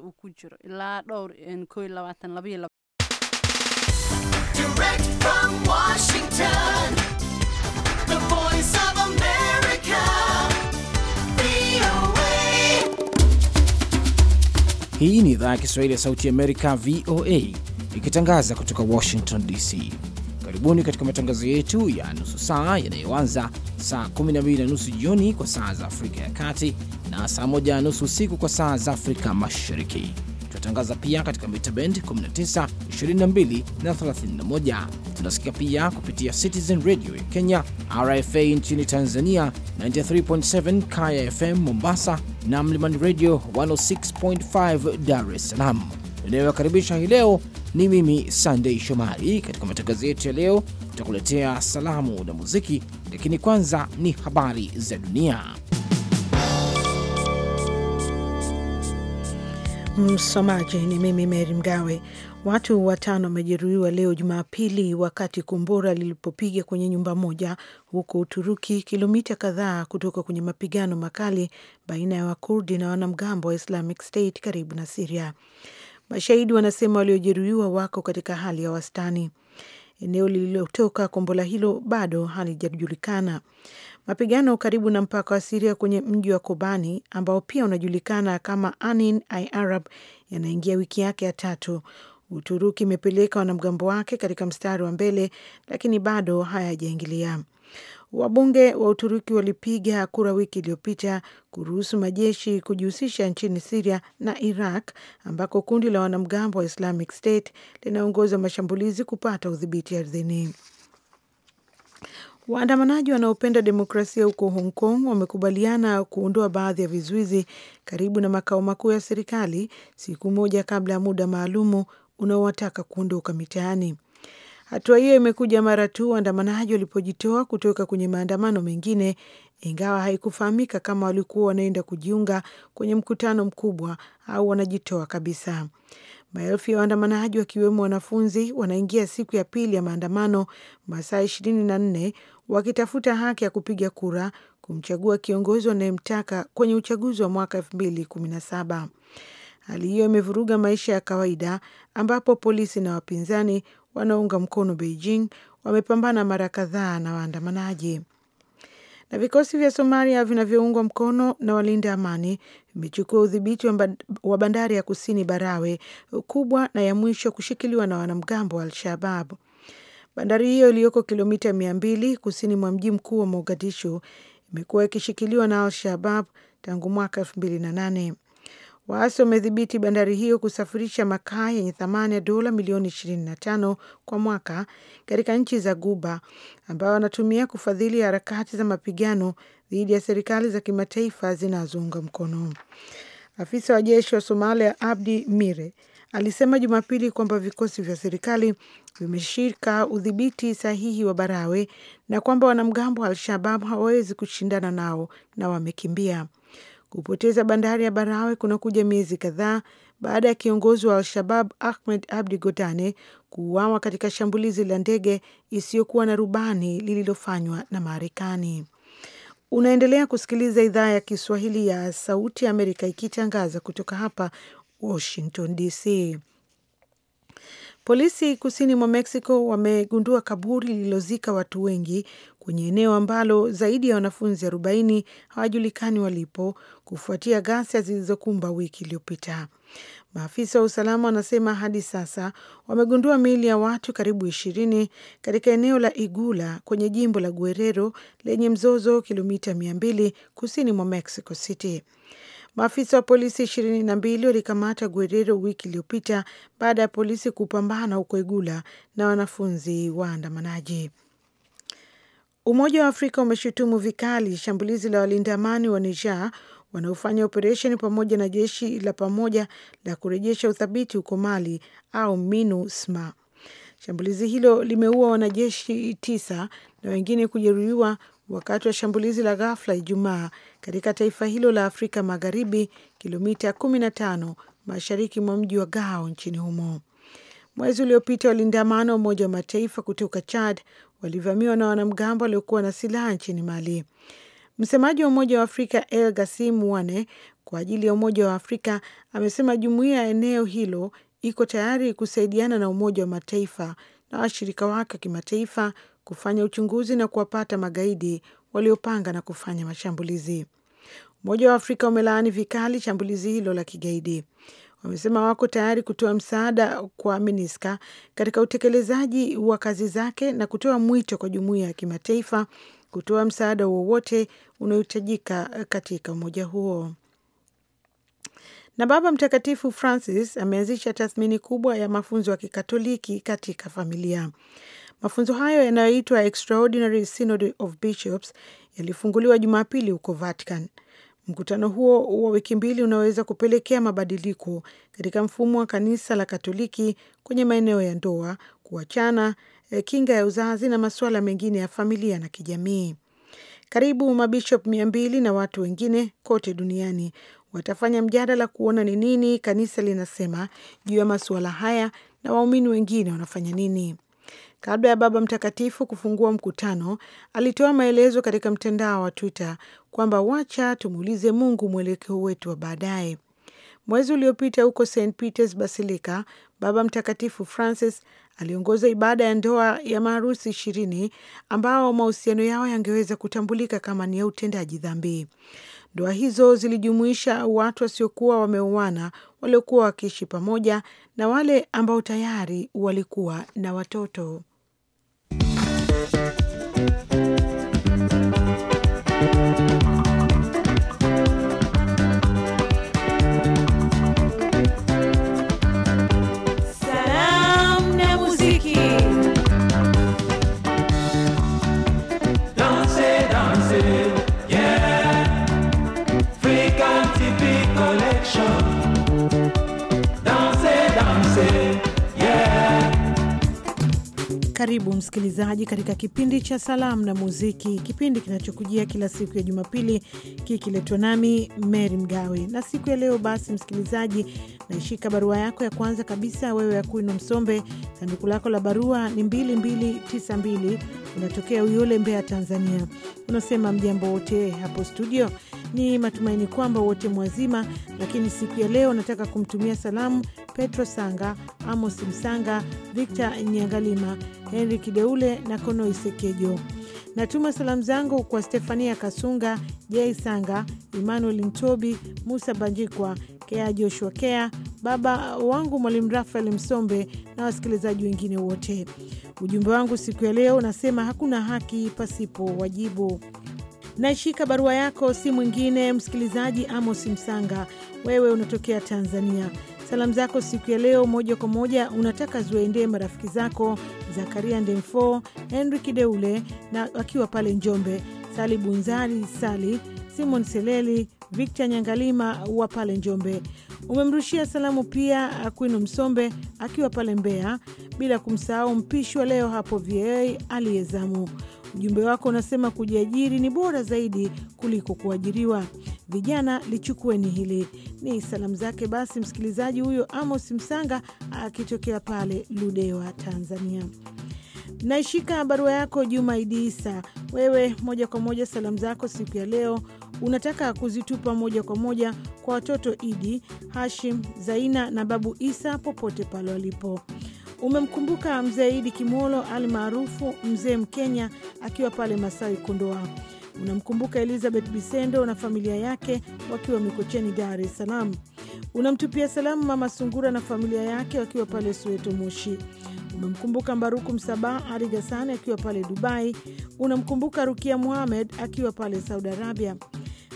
uu ku jiro ilaa dhowr Hii ni idhaa ya Kiswahili ya Sauti Amerika, VOA, ikitangaza kutoka Washington DC. Karibuni katika matangazo yetu ya nusu saa yanayoanza saa 12 na nusu jioni kwa saa za Afrika ya Kati na saa 1 na nusu usiku kwa saa za Afrika Mashariki. Tunatangaza pia katika mita bend 19, 22 na 31. Tunasikika pia kupitia Citizen Radio ya Kenya, RFA nchini Tanzania 93.7, Kaya FM Mombasa na Mlimani Radio 106.5 Dar es Salaam inayowakaribisha hii leo. Ni mimi Sandei Shomari. Katika matangazo yetu ya leo, tutakuletea salamu na muziki, lakini kwanza ni habari za dunia. Msomaji ni mimi Meri Mgawe. Watu watano wamejeruhiwa leo Jumapili wakati kombora lilipopiga kwenye nyumba moja huko Uturuki, kilomita kadhaa kutoka kwenye mapigano makali baina ya Wakurdi na wanamgambo wa Islamic State karibu na Siria. Mashahidi wanasema waliojeruhiwa wako katika hali ya wastani. Eneo lililotoka kombola hilo bado halijajulikana. Mapigano karibu na mpaka wa Siria kwenye mji wa Kobani ambao pia unajulikana kama Anin al-Arab yanaingia wiki yake ya tatu. Uturuki imepeleka wanamgambo wake katika mstari wa mbele, lakini bado hayajaingilia. Wabunge wa Uturuki walipiga kura wiki iliyopita kuruhusu majeshi kujihusisha nchini Siria na Iraq ambako kundi la wanamgambo wa Islamic State linaongoza mashambulizi kupata udhibiti ardhini. Waandamanaji wanaopenda demokrasia huko Hong Kong wamekubaliana kuondoa baadhi ya vizuizi karibu na makao makuu ya serikali siku moja kabla ya muda maalumu unaowataka kuondoka mitaani. Hatua hiyo imekuja mara tu waandamanaji walipojitoa kutoka kwenye maandamano mengine, ingawa haikufahamika kama walikuwa wanaenda kujiunga kwenye mkutano mkubwa au wanajitoa kabisa. Maelfu ya waandamanaji wakiwemo wanafunzi wanaingia siku ya pili ya maandamano, masaa ishirini na nne wakitafuta haki ya kupiga kura kumchagua kiongozi wanayemtaka kwenye uchaguzi wa mwaka elfu mbili kumi na saba. Hali hiyo imevuruga maisha ya kawaida ambapo polisi na wapinzani wanaounga mkono Beijing wamepambana mara kadhaa na waandamanaji. Na vikosi vya Somalia vinavyoungwa mkono na walinda amani vimechukua udhibiti wa bandari ya kusini Barawe, kubwa na ya mwisho kushikiliwa na wanamgambo wa Al-Shabab. Bandari hiyo iliyoko kilomita mia mbili kusini mwa mji mkuu wa Mogadishu imekuwa ikishikiliwa na Al-Shabab tangu mwaka elfu mbili na nane. Waasi wamedhibiti bandari hiyo kusafirisha makaa yenye thamani ya dola milioni 25 kwa mwaka katika nchi za Guba, ambayo wanatumia kufadhili harakati za mapigano dhidi ya serikali za kimataifa zinazounga mkono. Afisa wa jeshi wa Somalia Abdi Mire alisema Jumapili kwamba vikosi vya serikali vimeshika udhibiti sahihi wa Barawe na kwamba wanamgambo wa Al-Shabab hawawezi kushindana nao na wamekimbia. Kupoteza bandari ya Barawe kunakuja miezi kadhaa baada ya kiongozi wa Al-Shabab Ahmed Abdi Godane kuuawa katika shambulizi la ndege isiyokuwa na rubani lililofanywa na Marekani. Unaendelea kusikiliza idhaa ya Kiswahili ya Sauti ya Amerika ikitangaza kutoka hapa Washington DC. Polisi kusini mwa Mexico wamegundua kaburi lililozika watu wengi kwenye eneo ambalo zaidi ya wanafunzi 40 hawajulikani walipo kufuatia ghasia zilizokumba wiki iliyopita. Maafisa wa usalama wanasema hadi sasa wamegundua miili ya watu karibu ishirini katika eneo la Igula kwenye jimbo la Guerrero lenye mzozo, kilomita mia mbili kusini mwa Mexico City. Maafisa wa polisi ishirini na mbili walikamata Guerrero wiki iliyopita baada ya polisi kupambana huko Igula na wanafunzi waandamanaji. Umoja wa Afrika umeshutumu vikali shambulizi la walinda amani wa Niger wanaofanya operesheni pamoja na jeshi la pamoja la kurejesha uthabiti huko Mali au MINUSMA. Shambulizi hilo limeua wanajeshi tisa na wengine kujeruhiwa wakati wa shambulizi la ghafla Ijumaa katika taifa hilo la Afrika Magharibi, kilomita 15 mashariki mwa mji wa Gao nchini humo. Mwezi uliopita walindamana wa Umoja wa Mataifa kutoka Chad walivamiwa na wanamgambo waliokuwa na silaha nchini Mali. Msemaji wa Umoja wa Afrika El Gasim Wane kwa ajili ya Umoja wa Afrika amesema jumuiya ya eneo hilo iko tayari kusaidiana na Umoja wa Mataifa na washirika wake wa kimataifa kufanya uchunguzi na kuwapata magaidi waliopanga na kufanya mashambulizi. Umoja wa Afrika umelaani vikali shambulizi hilo la kigaidi. Wamesema wako tayari kutoa msaada kwa MINISCA katika utekelezaji wa kazi zake na kutoa mwito kwa jumuiya ya kimataifa kutoa msaada wowote unaohitajika katika umoja huo. Na Baba Mtakatifu Francis ameanzisha tathmini kubwa ya mafunzo ya Kikatoliki katika familia. Mafunzo hayo yanayoitwa Extraordinary Synod of Bishops yalifunguliwa Jumapili huko Vatican. Mkutano huo wa wiki mbili unaweza kupelekea mabadiliko katika mfumo wa kanisa la Katoliki kwenye maeneo ya ndoa, kuachana, eh, kinga ya uzazi na masuala mengine ya familia na kijamii. Karibu mabishop mia mbili na watu wengine kote duniani watafanya mjadala kuona ni nini kanisa linasema juu ya masuala haya na waumini wengine wanafanya nini. Kabla ya Baba Mtakatifu kufungua mkutano, alitoa maelezo katika mtandao wa Twitter kwamba wacha tumuulize Mungu mwelekeo wetu wa baadaye. Mwezi uliopita huko St Peters Basilica, Baba Mtakatifu Francis aliongoza ibada ya ndoa ya maharusi ishirini ambao mahusiano yao yangeweza kutambulika kama ni ya utendaji dhambi. Ndoa hizo zilijumuisha watu wasiokuwa wameuana waliokuwa wakiishi pamoja na wale ambao tayari walikuwa na watoto. Thank you. Karibu msikilizaji katika kipindi cha salamu na muziki, kipindi kinachokujia kila siku ya Jumapili kikiletwa nami Meri Mgawe. Na siku ya leo basi, msikilizaji, naishika barua yako ya kwanza kabisa, wewe Akuino Msombe. Sanduku lako la barua ni 2292 unatokea Uyole, Mbeya, Tanzania. Unasema mjambo wote hapo studio, ni matumaini kwamba wote mwazima, lakini siku ya leo nataka kumtumia salamu Petro Sanga, Amos Msanga, Victor Nyangalima, Henri Kideule na Kono Isekejo. Natuma salamu zangu kwa Stefania Kasunga, Jei Sanga, Emmanuel Ntobi, Musa Banjikwa, Kea Joshua Kea, baba wangu Mwalimu Rafael Msombe na wasikilizaji wengine wote. Ujumbe wangu siku ya leo unasema hakuna haki pasipo wajibu. Naishika barua yako, si mwingine msikilizaji Amos Msanga, wewe unatokea Tanzania. Salamu zako siku ya leo moja kwa moja unataka ziwaendee marafiki zako Zakaria Ndemfo, Henri Kideule na wakiwa pale Njombe, Sali Bunzari, Sali Simon Seleli, Victor Nyangalima wa pale Njombe. Umemrushia salamu pia akwino Msombe akiwa pale Mbeya, bila kumsahau mpishi wa leo hapo VA aliyezamu. Ujumbe wako unasema kujiajiri ni bora zaidi kuliko kuajiriwa. Vijana lichukueni hili. Ni salamu zake basi msikilizaji huyo Amos Msanga akitokea pale Ludewa, Tanzania. Naishika barua yako Juma Idi Isa, wewe moja kwa moja salamu zako siku ya leo unataka kuzitupa moja kwa moja kwa watoto Idi, Hashim, Zaina na Babu Isa popote pale walipo. Umemkumbuka mzee Idi Kimolo almaarufu mzee Mkenya akiwa pale Masai Kondoa. Unamkumbuka Elizabeth Bisendo na familia yake wakiwa Mikocheni, Dar es Salaam. Unamtupia salamu mama Sungura na familia yake wakiwa pale sueto Moshi. umemkumbuka Mbaruku Msaba Ali Gasani akiwa pale Dubai. Unamkumbuka Rukia Muhamed akiwa pale Saudi Arabia.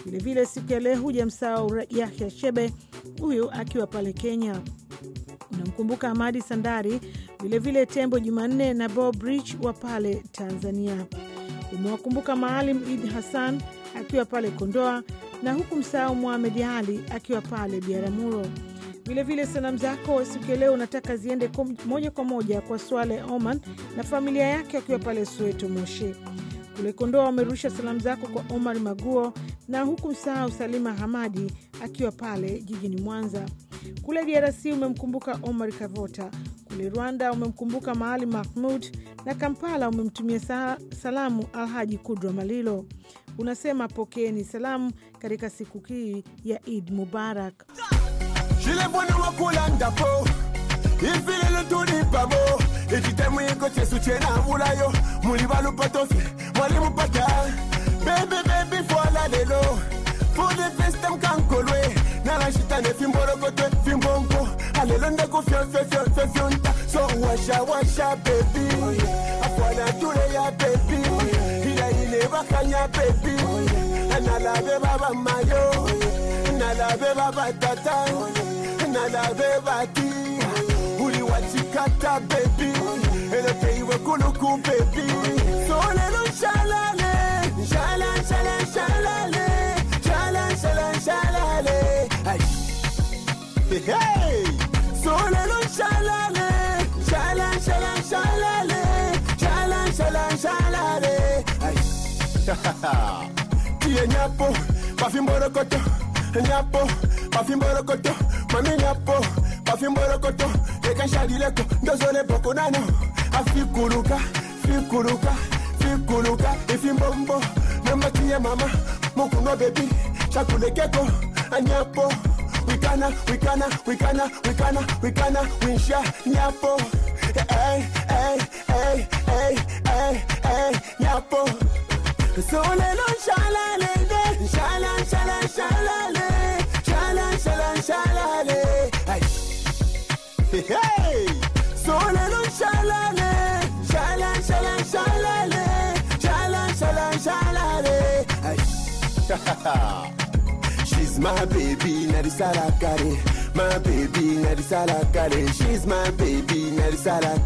Vilevile siku ya leo hujamsahau Yahya Shebe, huyu akiwa pale Kenya. Unamkumbuka amadi Sandari, vilevile vile Tembo Jumanne na Bob Rich wa pale Tanzania. Umewakumbuka Maalim Id Hassan akiwa pale Kondoa na huku msahau Muhamed Ali akiwa pale Biaramuro. Vilevile salamu zako siku ya leo unataka ziende kum, moja kwa moja kwa Swale Oman na familia yake akiwa pale Soweto Moshi kule Kondoa. Wamerusha salamu zako kwa Omar Maguo na huku msahau Salima Hamadi akiwa pale jijini Mwanza. Kule DRC umemkumbuka Omar Kavota, kule Rwanda umemkumbuka Maali Mahmud na Kampala umemtumia salamu Alhaji Kudra Malilo. Unasema pokeeni salamu katika siku hii ya Id Mubarak. lelo fode festa mkankoloe nalashitane fimborokote fimbongo alelo ndekufyofyofyofyonta so washa washa bebi afwana tule ya bebi ilaile bakanya bebi nalabe baba mayo nalabe baba tata nalabe bati uliwachikata bebi elepeiwe kuluku bebi so lelo nshalale nshalale shalale, shalale, shalale, shalale. Hey, hey, solelo shalale, shalale, shalale, shalale, shalale, shalale, shalale. Hey, tiye nyapo, pafimboro koto, nyapo, pafimboro koto, mami nyapo, pafimboro koto, eka shadileko, ndozole boko nano, afikuluka, fikuluka, fikuluka, ifimbombo. Mama tia mama, mukuno baby, chakule keko, anyapo. We gonna, we gonna, we gonna, we gonna, we gonna, we sha nyapo. Hey, hey, hey, hey, hey, hey, nyapo. Sole lo shalale, shala, shala, shalale, shala, shala, shalale. Hey. She's my baby, now this all I My baby, now this all I She's my baby, now this all I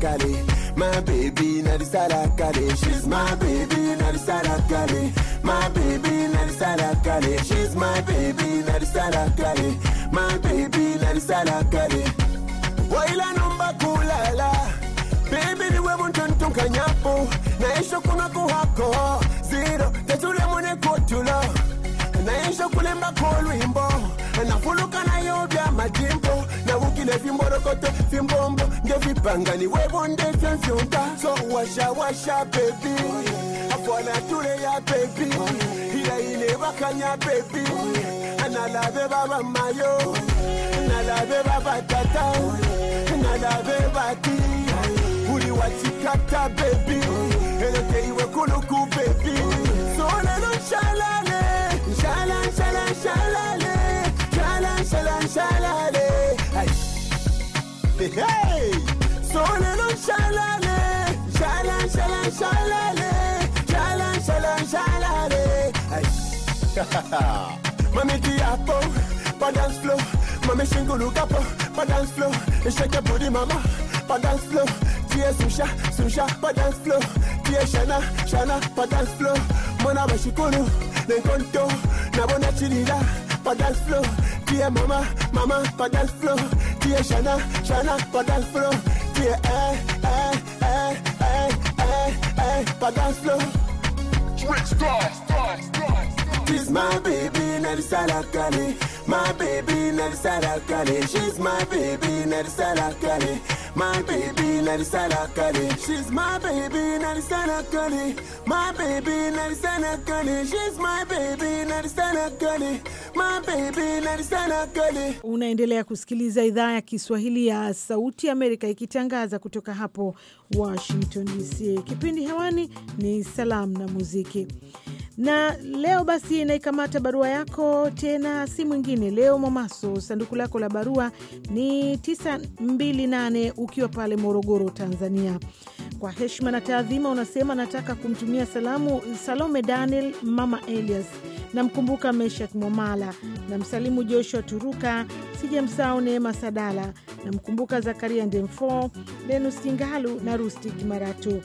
My baby, now this all I She's my baby, now this all I My baby, now this all I She's my baby, now this all I My baby, now this all I got it. Waila numba kulala, baby niwe muntu ntunkanyapo, na esho kuna kuhako, zero tetule mune kotulo naisha kulimba ko lwimbo nafuluka nayo bya majimbo nawukile vimborokoto vimbombo ngevipangani webonde vyanvyunda so washa washa bebi afwana tule ya bebi ilaile bakanya bebi nalabe baba mayo nalabe baba tata nalabe bati uli wachikata bebi elokeiwe kuluku bebi solelo nshalala Shala, shala, shalale. Shala, shala, shalale. Hey, hey. Sonelo, shalale. Shala, shala, shalale. Shala, shala, shalale. Hey. Mami tiapo, pa dance floor. Mami shingulu kapo, pa dance floor. Shake your body, mama, pa dance floor. Dear Susha, Susha, pa dance flow. Dear Shana, Shana, pa dance flow. Mona Bashikunu, Nenkonto, Nabona Chilida, pa dance flow. Dear Mama, Mama, pa dance flow. Dear Shana, Shana, pa dance flow. Dear eh, eh, eh, eh, eh, eh, eh, pa dance flow. Trick star, star, star. She's my baby, na lisalakane. My baby, na lisalakane. She's my baby, na lisalakane. My baby, na lisalakane. She's my baby, na lisalakane. My baby, na lisalakane. She's my baby, na lisalakane. My baby, na lisalakane. Unaendelea kusikiliza idhaa ya Kiswahili ya Sauti ya Amerika ikitangaza kutoka hapo Washington DC. Kipindi hewani ni salamu na muziki. Na leo basi naikamata barua yako tena, si mwingine leo Mwamaso. Sanduku lako la barua ni 928 ukiwa pale Morogoro, Tanzania. Kwa heshima na taadhima, unasema nataka kumtumia salamu Salome Daniel, mama Elias, namkumbuka Meshak Momala, namsalimu Joshua Turuka, sijamsahau Neema Sadala, namkumbuka Zakaria Ndemfo, Lenus Kingalu na Rustik Maratu.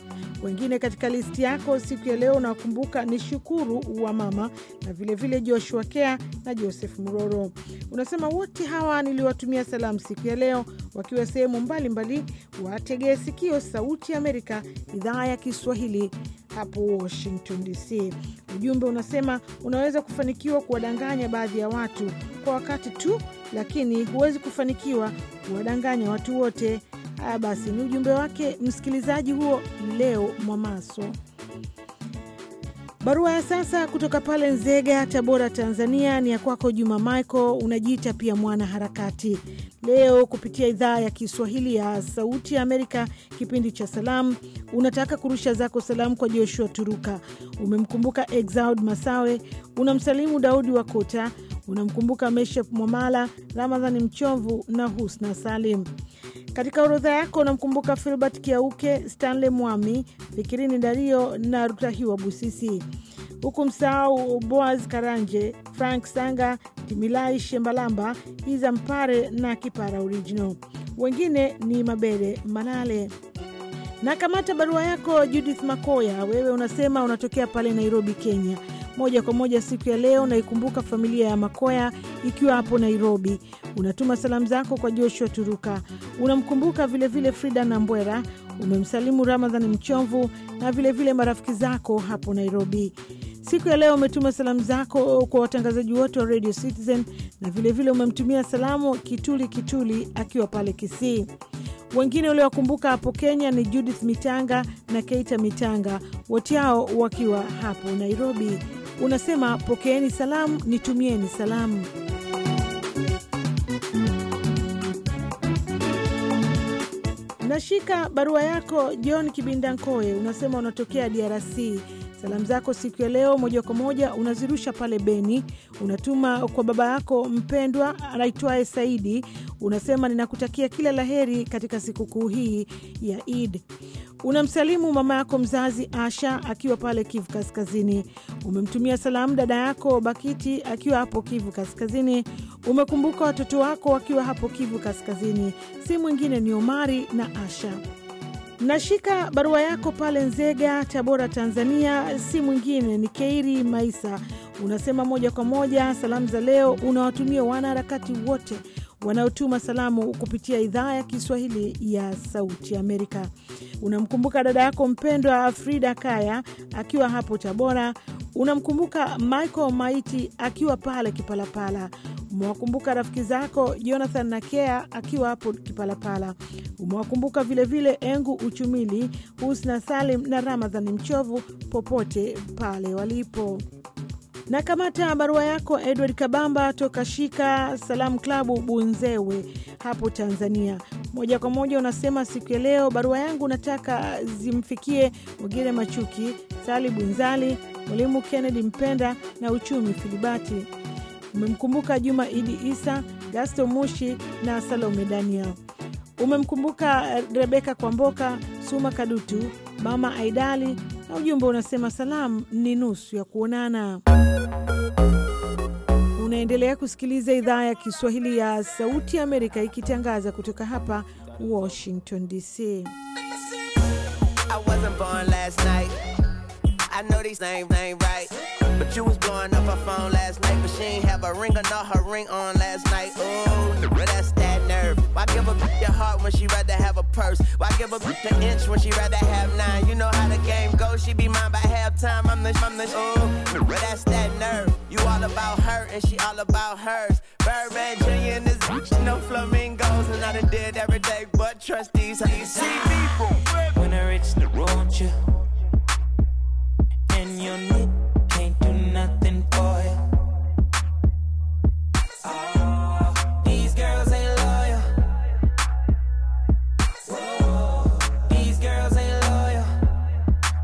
Wengine katika listi yako siku ya leo unawakumbuka ni Shukuru wa mama na vilevile vile Joshua Kea na Joseph Mroro. Unasema wote hawa niliwatumia salamu siku ya leo wakiwa sehemu mbalimbali, wategee sikio Sauti ya Amerika, idhaa ya Kiswahili hapo Washington DC. Ujumbe unasema unaweza kufanikiwa kuwadanganya baadhi ya watu kwa wakati tu, lakini huwezi kufanikiwa kuwadanganya watu wote. Haya ah, basi, ni ujumbe wake msikilizaji huo Leo Mwamaso. Barua ya sasa kutoka pale Nzega, Tabora, Tanzania ni ya kwako Juma Michael. Unajiita pia mwana harakati. Leo kupitia idhaa ya Kiswahili ya Sauti ya Amerika, kipindi cha Salamu, unataka kurusha zako salamu kwa Joshua Turuka. Umemkumbuka Exaud Masawe, unamsalimu Daudi wa Kota, unamkumbuka Meshef Mwamala, Ramadhani Mchovu na Husna Salim. Katika orodha yako unamkumbuka Filbert Kiauke, Stanley Mwami, Fikirini Dario na Rutahiwa Busisi, huku msahau Boaz Karanje, Frank Sanga, Timilai Shembalamba, Iza Mpare na Kipara Original. Wengine ni Mabere Malale na kamata barua yako Judith Makoya, wewe unasema unatokea pale Nairobi, Kenya moja kwa moja siku ya leo, na ikumbuka familia ya Makoya ikiwa hapo Nairobi. Unatuma salamu zako kwa Joshua Turuka, unamkumbuka vilevile Frida Nambwera, umemsalimu Ramadhan Mchomvu na vilevile vile marafiki zako hapo Nairobi. Siku ya leo umetuma salamu zako kwa watangazaji wote wa Radio Citizen na vilevile vile umemtumia salamu Kituli Kituli akiwa pale Kisii. Wengine uliowakumbuka hapo Kenya ni Judith Mitanga na Keita Mitanga, wote hao wakiwa hapo Nairobi unasema pokeeni salamu, nitumieni salamu. Nashika barua yako John Kibinda Nkoe, unasema unatokea DRC. Salamu zako siku ya leo moja kwa moja unazirusha pale Beni, unatuma kwa baba yako mpendwa anaitwaye Saidi. Unasema ninakutakia kila laheri katika sikukuu hii ya Id. Unamsalimu mama yako mzazi Asha akiwa pale Kivu Kaskazini. Umemtumia salamu dada yako Bakiti akiwa hapo Kivu Kaskazini. Umekumbuka watoto wako wakiwa hapo Kivu Kaskazini, si mwingine ni Omari na Asha. Nashika barua yako pale Nzega, Tabora, Tanzania. Si mwingine ni Keiri Maisa. Unasema moja kwa moja salamu za leo unawatumia wanaharakati wote wanaotuma salamu kupitia idhaa ya Kiswahili ya Sauti Amerika. Unamkumbuka dada yako mpendwa Frida Kaya akiwa hapo Tabora. Unamkumbuka Michael Maiti akiwa pale Kipalapala, umewakumbuka rafiki zako Jonathan na Kea akiwa hapo Kipalapala, umewakumbuka vilevile Engu Uchumili, Husna Salim na Ramadhani Mchovu popote pale walipo na kamata barua yako Edward Kabamba toka Shika Salamu Klabu Bunzewe hapo Tanzania. Moja kwa moja unasema siku ya leo barua yangu nataka zimfikie Mogere Machuki, Sali Bunzali, Mwalimu Kennedy Mpenda na uchumi Filibati. Umemkumbuka Juma Idi Isa, Gasto Mushi na Salome Daniel. Umemkumbuka eh, Rebeka Kwamboka, Suma Kadutu, Mama Aidali, na ujumbe unasema salamu ni nusu ya kuonana. Unaendelea kusikiliza idhaa ya Kiswahili ya Sauti ya Amerika ikitangaza kutoka hapa Washington DC. I know these names ain't right. But you was blowing up her phone last night, but she ain't have a ring or not her ring on last night. Ooh, but that's that nerve. Why give a bitch your heart when she rather have a purse? Why give a bitch an inch when she rather have nine? You know how the game goes, she be mine by halftime. I'm the, I'm the, ooh, but that's that nerve. You all about her and she all about hers. Birdman Jr. and this bitch, no flamingos, and I done did every day but trust these see me When I reach the you when your can't do nothing for you. Ah, these girls ain't loyal. these girls ain't loyal.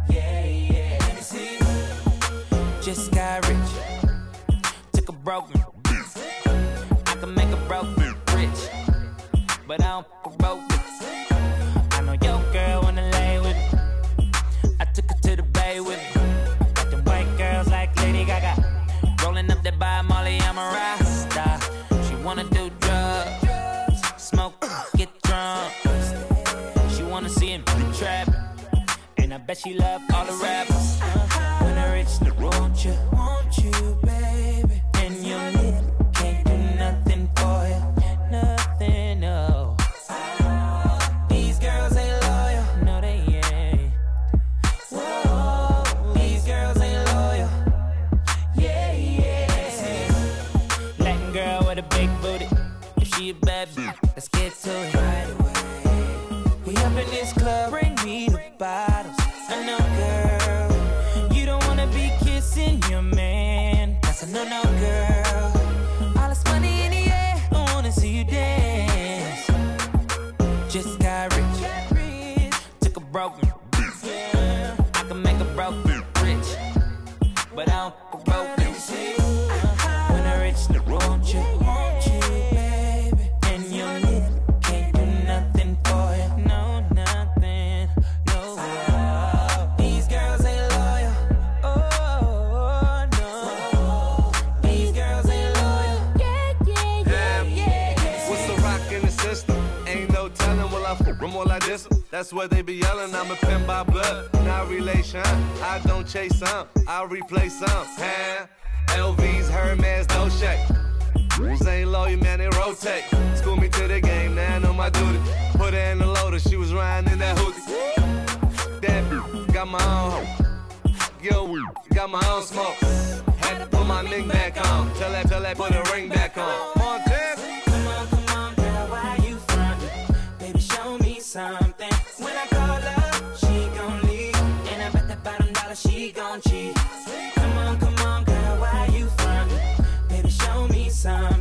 Yeah, yeah, let me see. Just got rich, took a broke I can make a broke rich, but I don't. bet she love all the rappers. Uh-huh. When I reach the want you, want you, baby. And you can't do nothing for you, nothing, no. These girls ain't loyal, no they ain't. Whoa, these girls ain't loyal, yeah, yeah. Latin girl with a big booty, if she a bad bitch, let's get to it. Right away, we up in this club, bring me the vibe. no, no, girl. That's what they be yelling. I'm a pin by blood, not relation. I don't chase some, I replace some. Huh? LVs, Hermes, no shake. Rules ain't you man, they rotate. School me to the game, now I know my duty. Put her in the loader, she was riding in that hoodie. That got my own hoe. Yo, got my own smoke. Had to put my ring back on. Tell that, tell that, put a ring back on. raunchy. Come on, come on, girl, why you frontin'? Baby, show me some.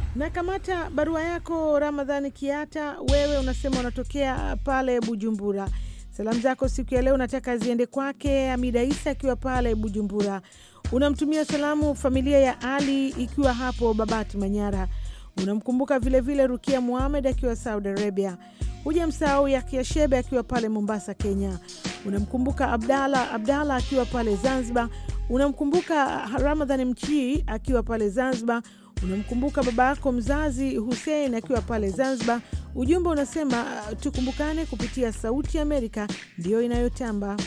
Na kamata barua yako Ramadhani Kiata, wewe unasema unatokea pale Bujumbura. Salamu zako siku ya leo unataka ziende kwake Amida Isa akiwa pale Bujumbura. Unamtumia salamu familia ya Ali ikiwa hapo Babati Manyara. Unamkumbuka vilevile Rukia Muhamed akiwa Saudi Arabia. Huja msahau Yakia Shebe akiwa pale Mombasa, Kenya. Unamkumbuka Abdala Abdala akiwa pale Zanzibar. Unamkumbuka Ramadhani Mchii akiwa pale Zanzibar unamkumbuka baba yako mzazi Hussein akiwa pale Zanzibar. Ujumbe unasema ah, tukumbukane kupitia Sauti ya Amerika ndiyo inayotamba.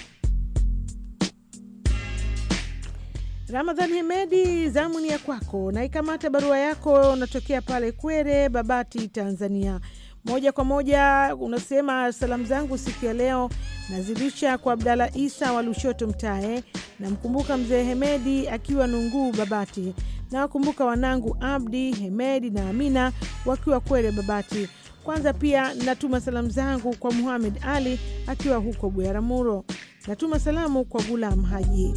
Ramadhan Hemedi, zamu ni ya kwako. Naikamata barua yako, unatokea pale Kwere, Babati, Tanzania. Moja kwa moja unasema salamu zangu siku ya leo nazirusha kwa Abdala Isa wa Lushoto Mtae, namkumbuka mzee Hemedi akiwa Nunguu Babati, na wakumbuka wanangu Abdi, Hemedi na Amina wakiwa Kwele Babati. Kwanza pia natuma salamu zangu kwa Muhamed Ali akiwa huko Bweramuro. Natuma salamu kwa Gulam Haji.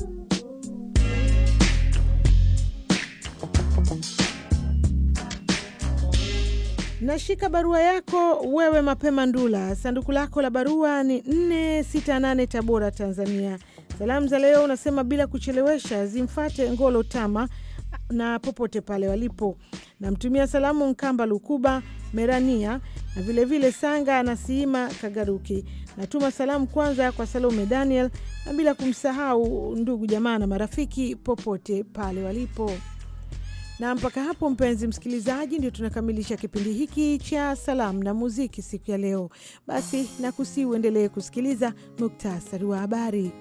Nashika barua yako wewe mapema Ndula. Sanduku lako la barua ni 468 Tabora, Tanzania. Salamu za leo unasema bila kuchelewesha zimfate Ngolo Tama na popote pale walipo. Namtumia salamu Nkamba Lukuba Merania na vilevile vile Sanga na Siima Kagaruki. Natuma salamu kwanza kwa Salome Daniel na bila kumsahau ndugu jamaa na marafiki popote pale walipo. Na mpaka hapo, mpenzi msikilizaji, ndio tunakamilisha kipindi hiki cha salamu na muziki siku ya leo. Basi nakusihi uendelee kusikiliza muktasari wa habari.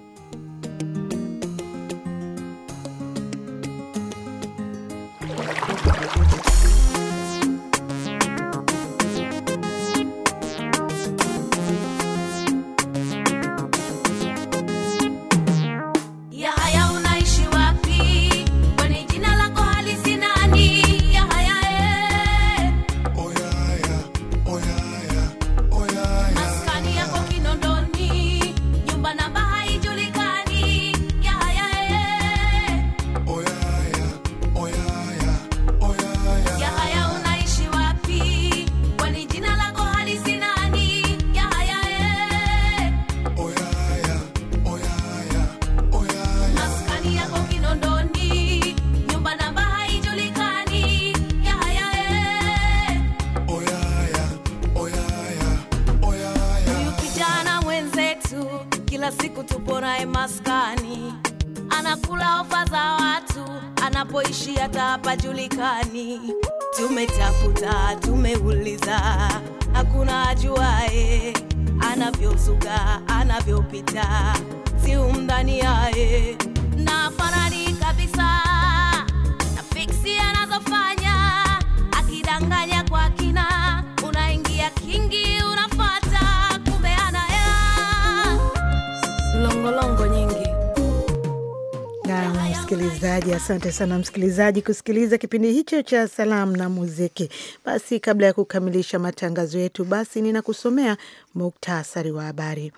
na msikilizaji, asante sana msikilizaji kusikiliza kipindi hicho cha salamu na muziki. Basi kabla ya kukamilisha matangazo yetu, basi ninakusomea muktasari wa habari.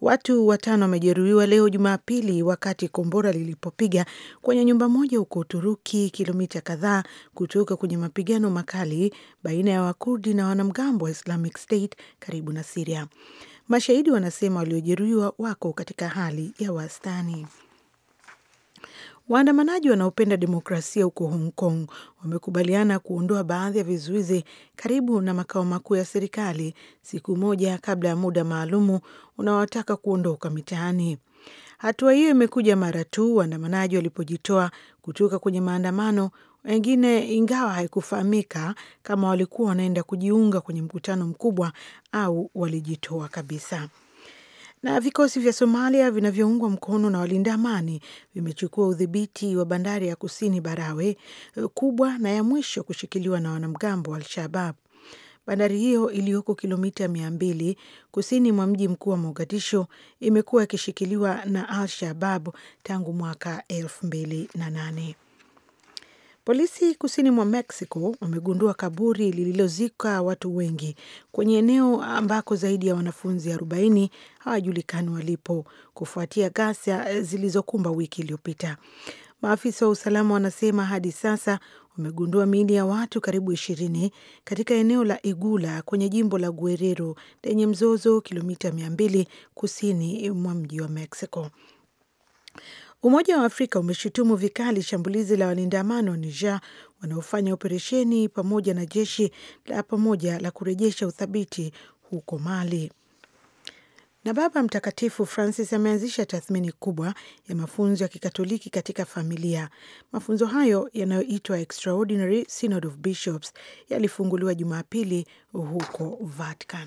Watu watano wamejeruhiwa leo Jumapili wakati kombora lilipopiga kwenye nyumba moja huko Uturuki, kilomita kadhaa kutoka kwenye mapigano makali baina ya Wakurdi na wanamgambo wa Islamic State karibu na Siria. Mashahidi wanasema waliojeruhiwa wako katika hali ya wastani. Waandamanaji wanaopenda demokrasia huko Hong Kong wamekubaliana kuondoa baadhi ya vizuizi karibu na makao makuu ya serikali siku moja kabla ya muda maalumu unaowataka kuondoka mitaani. Hatua hiyo imekuja mara tu waandamanaji walipojitoa kutoka kwenye maandamano wengine, ingawa haikufahamika kama walikuwa wanaenda kujiunga kwenye mkutano mkubwa au walijitoa kabisa. Na vikosi vya Somalia vinavyoungwa mkono na walinda amani vimechukua udhibiti wa bandari ya kusini Barawe kubwa na ya mwisho kushikiliwa na wanamgambo wa Al-Shabab. Bandari hiyo iliyoko kilomita mia mbili kusini mwa mji mkuu wa Mogadisho imekuwa ikishikiliwa na Al Shababu tangu mwaka elfu mbili na nane. Polisi kusini mwa Mexico wamegundua kaburi lililozika watu wengi kwenye eneo ambako zaidi ya wanafunzi 40 hawajulikani walipo kufuatia ghasia eh, zilizokumba wiki iliyopita. Maafisa wa usalama wanasema hadi sasa wamegundua miili ya watu karibu ishirini katika eneo la Igula kwenye jimbo la Guerrero lenye mzozo, kilomita mia mbili kusini mwa mji wa Mexico. Umoja wa Afrika umeshutumu vikali shambulizi la walindamano wa Niger wanaofanya operesheni pamoja na jeshi la pamoja la kurejesha uthabiti huko Mali. Na Baba Mtakatifu Francis ameanzisha tathmini kubwa ya mafunzo ya Kikatoliki katika familia. Mafunzo hayo yanayoitwa Extraordinary Synod of Bishops yalifunguliwa Jumapili huko Vatican.